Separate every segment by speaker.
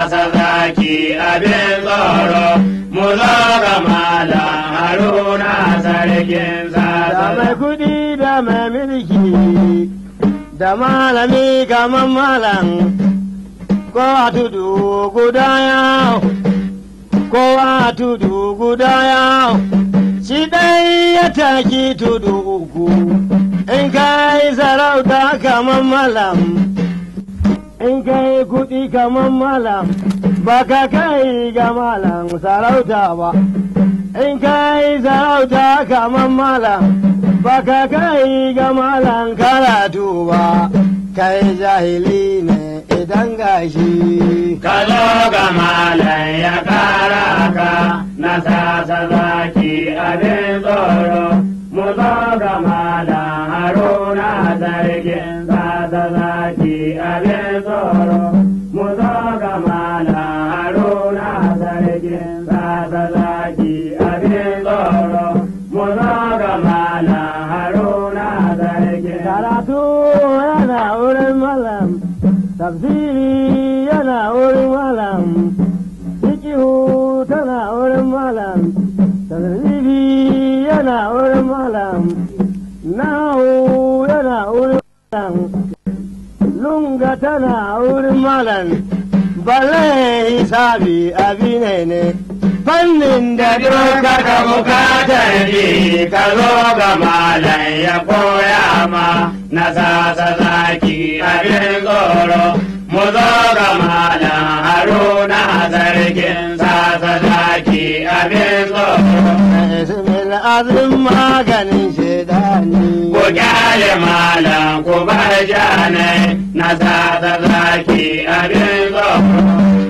Speaker 1: Sazaki abin tsoro, mu zo ga haruna sarkin
Speaker 2: zaza. Da mai kudi da mai mulki, da malami kamar malam, ko a tudu guda yawo, ko a tudu guda yawo, shi dai ya taki tudu uku, in kai sarauta kamar malam. in kai kuɗi kamar malam ba ka kai ga malam sarauta ba in kai sarauta kamar malam ba ka kai ga malam karatu ba kai jahili ne idan gashi kalo
Speaker 1: ga malam ya kara ka na sasa zaki abin tsoro mu
Speaker 2: tafsiri yana wurin malam fikihu tana wurin malam tasrifi yana wurin malam nahu yana wurin malam lunga tana wurin malam balle hisabi abi ne ne fannin da duka ka bukatar ji ka zo ga malam ya koya ma
Speaker 1: na sasa zaki abin Muzo mu zo ga malam haruna zargin sasa zaki abin tsoro
Speaker 2: wa'azin maganin ne. Ku kyale malam
Speaker 1: ku bar jane na zaza zaki abin tsoro.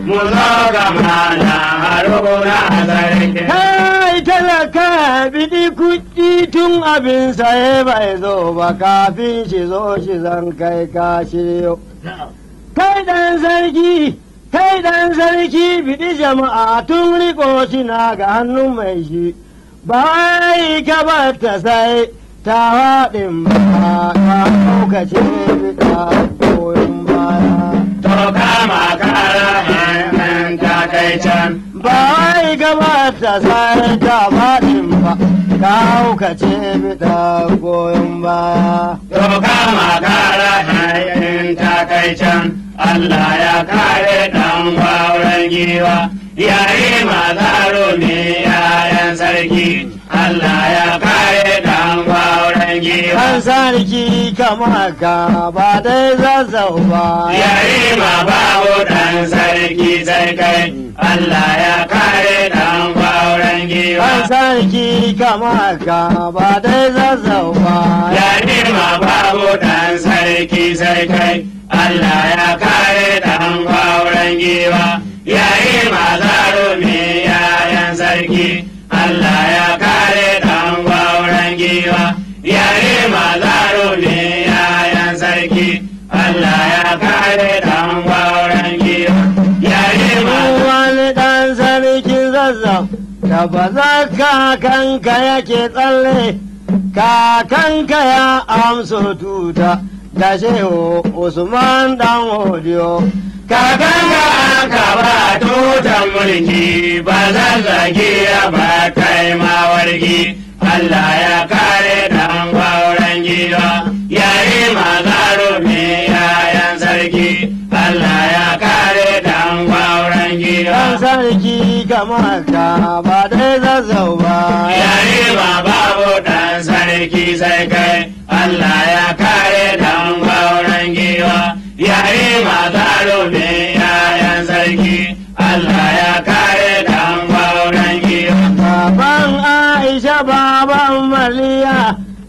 Speaker 1: Mu zo ga malam haruna sarki.
Speaker 2: Kai talaka biɗi kuɗi tun abin saye bai zo ba kafin shi zo shi zan kai ka shiryo. Kai ɗan sarki. Kai ɗan sarki biɗi jama'a tun riko shi na ga hannun mai shi. ba wai gabar ta sai ta haɗin ba ta lokaci ta koyon baya. To
Speaker 1: kama kara
Speaker 2: hannun ta kai can. Ba wai gabar ta sai ta haɗin ba ta haukace ta koyon baya. To kama
Speaker 1: kara hannun ta kai can. Allah ya kare ɗan gwauron giwa, yi mazaro ne yayan sarki. Allah ya
Speaker 2: kare ɗan gwauron giwa. Kan sarki kama ka ba dai zazzau ba. yi
Speaker 1: ma babu ɗan sarki sai kai. Allah ya kare ɗan gwauron giwa. Kan sarki
Speaker 2: kama ka ba dai
Speaker 1: zazzau ba. yi ma sarki sarkai Allah ya kare ta hankwa wurin giwa ya yi mazaru mai yayan sarki Allah ya kare ta hankwa wurin giwa ya yi mazaru mai yayan sarki Allah ya kare ta hankwa wurin giwa yayi
Speaker 2: maza wani dan sarki zazzau da ba za ka kanka yake tsalle kakanka ya amsa tuta da shehu usman dan hodiyo kakanga an
Speaker 1: kaba tutan mulki ba zazzage ba kai ma wargi Allah ya kare dan gwauran gida yayi magaro me yayan sarki Allah ya kare dan gwauran gida dan sarki kamata ba dai zazzau ba yayi ma babu dan sarki sai kai Allah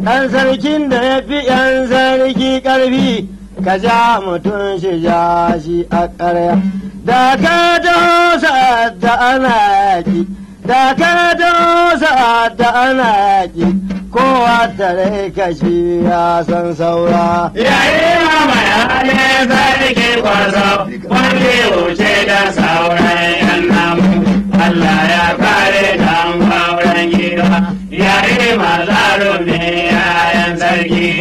Speaker 2: ɗan sarkin da ya fi ‘yan sarki ƙarfi ka ja mutum shi ja shi a ƙarya da ka taho sa'ad da ana yaƙi da ka taho sa'ad da ana yaƙi kowa tare ka shi ya san saura.
Speaker 1: Yayi ma mai ne sarki kwazo wani wuce da sauran ‘yan namu
Speaker 2: Allah ya kare dan fauren gida yayi ma zarubi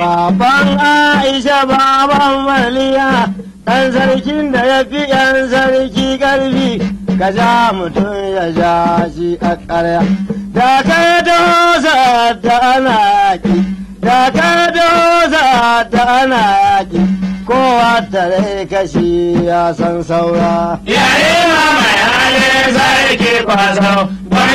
Speaker 2: Baban Aisha baban maliya ɗan sarkin da ya fi ‘yan sarki ƙarfi ka ja mutum ya ja shi a ƙarya. Da ka dosa da ana yaƙi, da ka dosa da ana yaƙi, kowa da rai kashi ya san saura. Yare ma mai halin sarki kwasau.